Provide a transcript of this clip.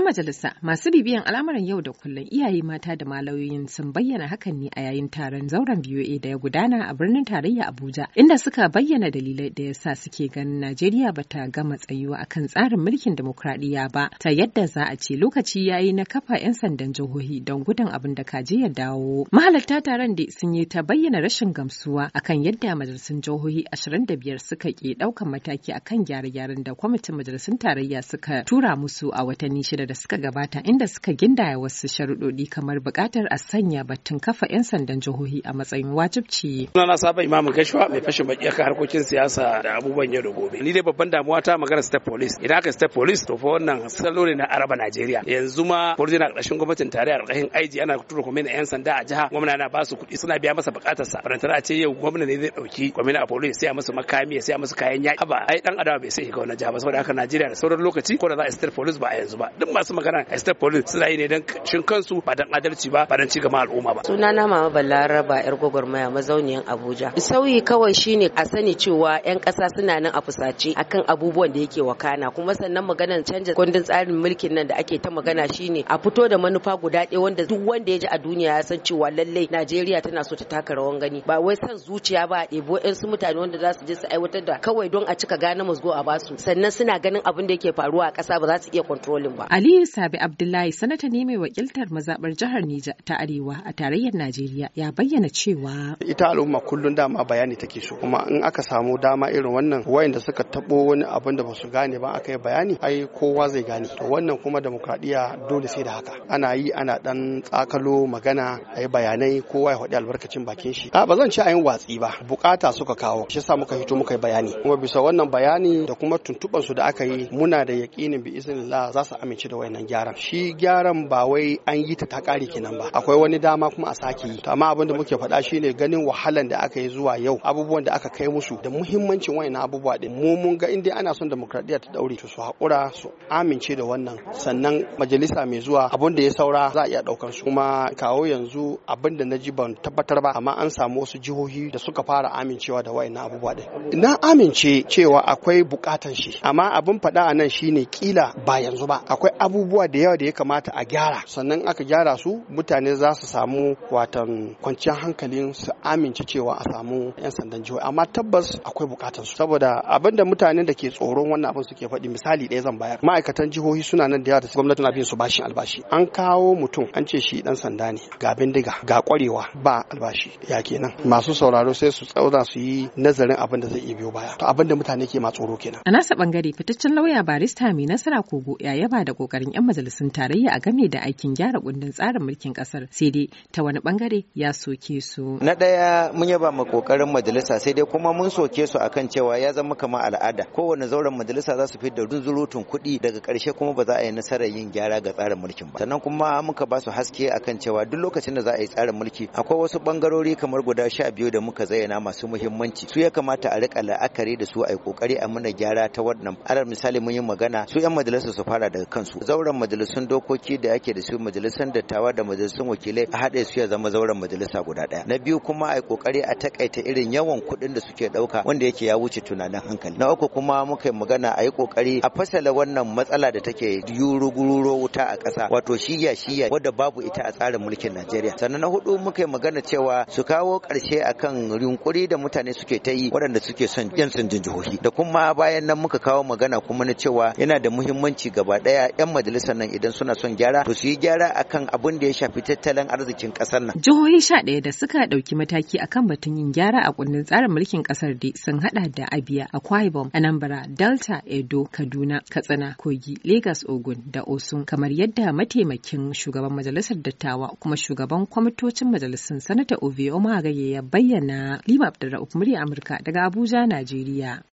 'Yan majalisa masu bibiyan al'amuran yau da kullum iyaye mata da malayoyin sun bayyana hakan ne a yayin taron zauren VOA da ya gudana a birnin tarayya Abuja inda suka bayyana dalilai da ya sa suke ganin Najeriya ba ta gama tsayuwa akan tsarin mulkin demokradiyya ba ta yadda za a ce lokaci ya yi na kafa 'yan sandan jihohi don gudun abin da kaji ya dawo. Mahalarta taron da sun yi ta bayyana rashin gamsuwa akan yadda majalisun jihohi ashirin da biyar suka ke ɗaukan mataki akan gyare-gyaren da kwamitin majalisun tarayya suka tura musu a watanni shida da suka gabata inda suka gindaya wasu sharuɗoɗi kamar buƙatar a sanya batun kafa 'yan sandan jihohi a matsayin wajibci. Sunana Sabon Imam Gashwa mai fashin baki akan harkokin siyasa da abubuwan yau da gobe. Ni dai babban damuwa ta magana state police. Idan aka state police to fa wannan salo ne na Araba Najeriya. Yanzu ma police na ƙarshen gwamnatin tarayya ƙarshen aiji ana tura kwamina 'yan sanda a jiha gwamna na ba kuɗi suna biya masa buƙatarsa. Farantar a ce yau gwamna ne zai ɗauki kwamina a police sai a masa makami ya sai a masa kayan yaƙi. Haba ai ɗan adawa bai sai shiga wannan jiha ba saboda haka Najeriya da sauran lokaci ko da za a state police ba a yanzu ba. Duk masu magana a state police suna yi ne don shin kansu ba dan adalci ba ba dan ci gama al'umma ba Suna na mama balaraba yar gwagwarmaya mazauniyan abuja sauyi kawai shine a sani cewa yan kasa suna nan a fusace akan abubuwan da yake wakana kuma sannan maganar canja kundin tsarin mulkin nan da ake ta magana shine a fito da manufa guda ɗaya wanda duk wanda ya ji a duniya ya san cewa lallai Najeriya tana so ta taka rawan gani ba wai san zuciya ba a ɗebo su mutane wanda za su je su aiwatar da kawai don a cika gane musgo a basu sannan suna ganin abin da yake faruwa a ƙasa ba za su iya kontrolin ba Aliyu Sabi Abdullahi sanata ne mai wakiltar mazabar jihar Nija ta Arewa a tarayyar Najeriya ya bayyana cewa ita al'umma kullun dama bayani take so kuma in aka samu dama irin wannan wayanda suka tabo wani abin da basu gane ba aka yi bayani ai kowa zai gane to wannan kuma demokradiya dole sai da haka ana yi ana dan tsakalo magana ai bayanai kowa ya faɗi albarkacin bakin shi a ba zan ci ayin watsi ba bukata suka kawo shi yasa muka hito muka yi bayani kuma bisa wannan bayani da kuma tuntuban su da aka yi muna da yaƙinin bi iznillah za su amince da wayannan gyaran shi gyaran ba wai an yi ta ta kare kenan ba akwai wani dama kuma a sake yi to amma abin da muke faɗa shine ganin wahalan da aka yi zuwa yau abubuwan da aka kai musu da muhimmancin wayannan abubuwa din mu mun ga inda ana son demokradiya ta daure to su haƙura su amince da wannan sannan majalisa mai zuwa abin da ya saura za a iya ɗaukar su kuma kawo yanzu abin da na ji ban tabbatar ba amma an samu wasu jihohi da suka fara amincewa da wayannan abubuwa din na amince cewa akwai bukatan shi amma abin faɗa a nan shine kila ba yanzu ba akwai abubuwa da yawa da ya kamata a gyara sannan aka gyara su mutane za su samu watan kwanciyar hankalin su amince cewa a samu 'yan sandan jihohi amma tabbas akwai bukatar su saboda abinda mutane mutanen da ke tsoron wannan abin suke faɗi misali ɗaya zan bayar ma'aikatan jihohi suna nan da yawa da gwamnati na bin su bashin albashi an kawo mutum an ce shi dan sanda ne ga bindiga ga kwarewa ba albashi ya kenan masu sauraro sai su tsauna su yi nazarin abin da zai iya biyo baya to abin da mutane ke ma tsoro kenan a nasa bangare fitaccen lauya barista mai nasara kogo ya yaba da kokarin 'yan majalisun tarayya a game da aikin gyara kundin tsarin mulkin kasar sai dai ta wani bangare ya soke su. Na ɗaya mun yaba ma kokarin majalisa sai dai kuma mun soke su akan cewa ya zama kamar al'ada kowane zauren majalisa za su fi da zurutun kuɗi daga ƙarshe kuma ba za a yi nasarar yin gyara ga tsarin mulkin ba. Sannan kuma muka ba su haske akan cewa duk lokacin da za a yi tsarin mulki akwai wasu bangarori kamar guda sha biyu da muka zayyana masu muhimmanci su ya kamata a rika la'akari da su a yi kokari a muna gyara ta wannan alal misali mun yi magana su 'yan majalisa su fara daga kansu zauren majalisun dokoki da yake da su majalisun dattawa da majalisun wakilai a haɗe su ya zama zauren majalisa guda ɗaya na biyu kuma a yi kokari a takaita irin yawan kuɗin da suke ɗauka wanda yake ya wuce tunanin hankali na uku kuma muka yi magana a yi kokari a fasala wannan matsala da take yurugururo wuta a ƙasa wato shiya shiya wadda babu ita a tsarin mulkin Najeriya sannan na hudu muka yi magana cewa su kawo ƙarshe kan yunkuri da mutane suke ta yi waɗanda suke son yan sanjin jihohi da kuma bayan nan muka kawo magana kuma na cewa yana da muhimmanci gaba ɗaya yan 'yan majalisar nan idan suna son gyara to su yi gyara akan abun da ya shafi tattalin arzikin kasar nan. Jihohi sha ɗaya da suka ɗauki mataki akan batun yin gyara a kundin tsarin mulkin kasar da sun haɗa da Abia, Akwa Anambra, Delta, Edo, Kaduna, Katsina, Kogi, Lagos, Ogun da Osun kamar yadda mataimakin shugaban majalisar dattawa kuma shugaban kwamitocin majalisun sanata Ovio Gaye ya bayyana Lima Abdulrahman murya Amurka daga Abuja, Najeriya.